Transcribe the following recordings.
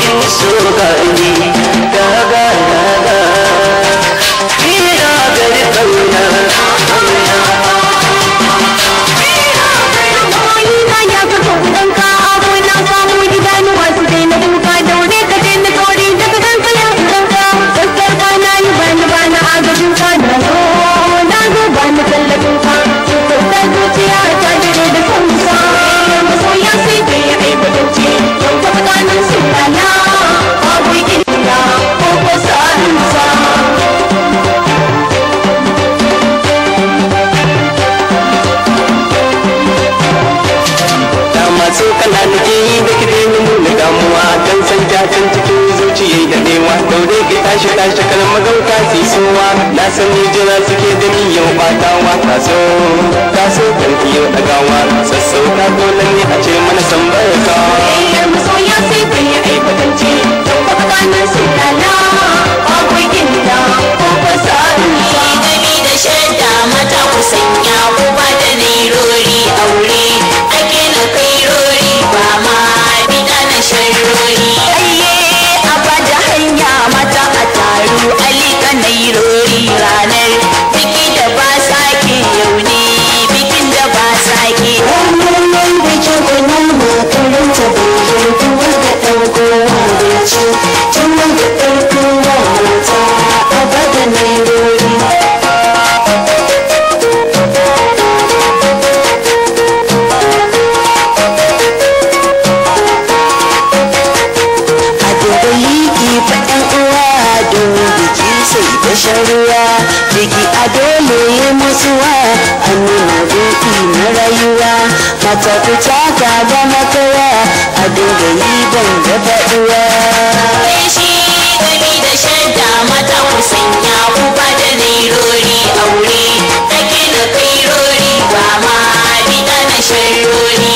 cikin so garbi gaga gaga so kana nake yi da kide nuna damuwa dan san kan ciki zuciya da nema daure ki tashi tashi kan magauta si suwa na san ni jira suke da ni yau batawa ta so kan ki yau dagawa sassauka dole a dole yi musuwa an yi mabuki na rayuwa mata fita ta ga makawa a dinga yi ban da faduwa shi gami da shanta mata ku sanya ku ba da nairori aure take da kairori ba ma bita na sharori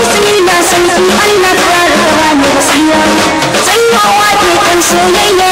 bismillah sarki allah farawa ne gaskiya sanyawa ke kan soyayya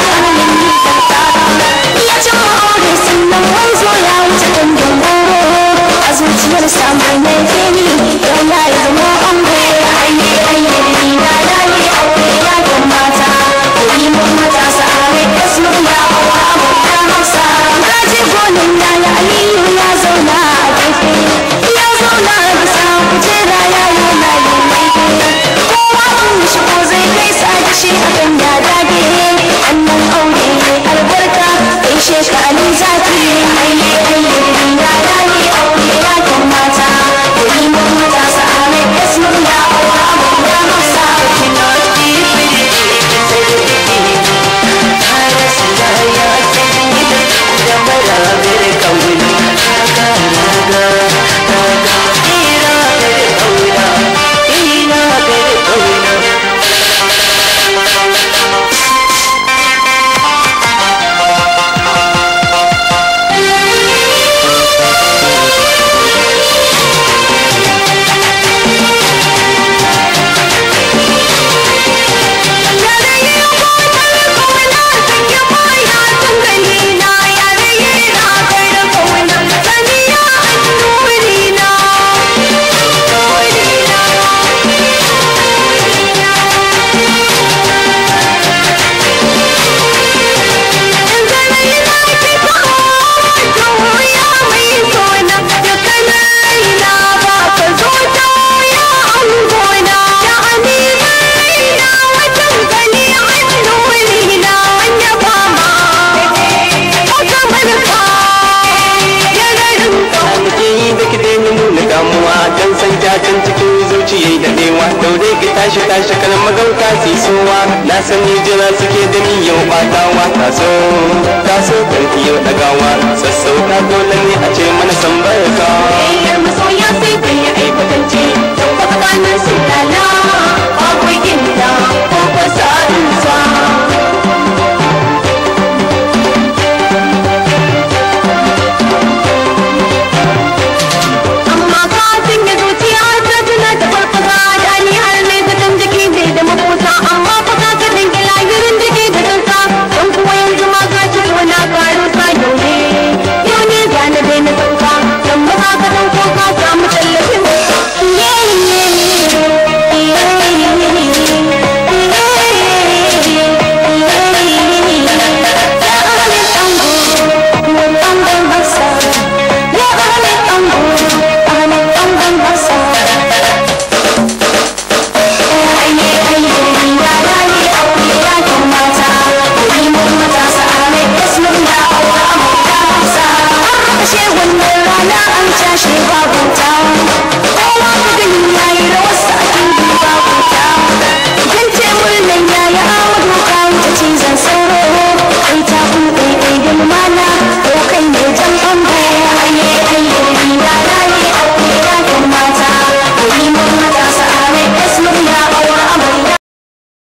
She's daure ki tashi tashi kan magauta si sowa na sani jira suke da ni yau batawa taso taso karfi yau dagawa sassauka dole ne a ce mana san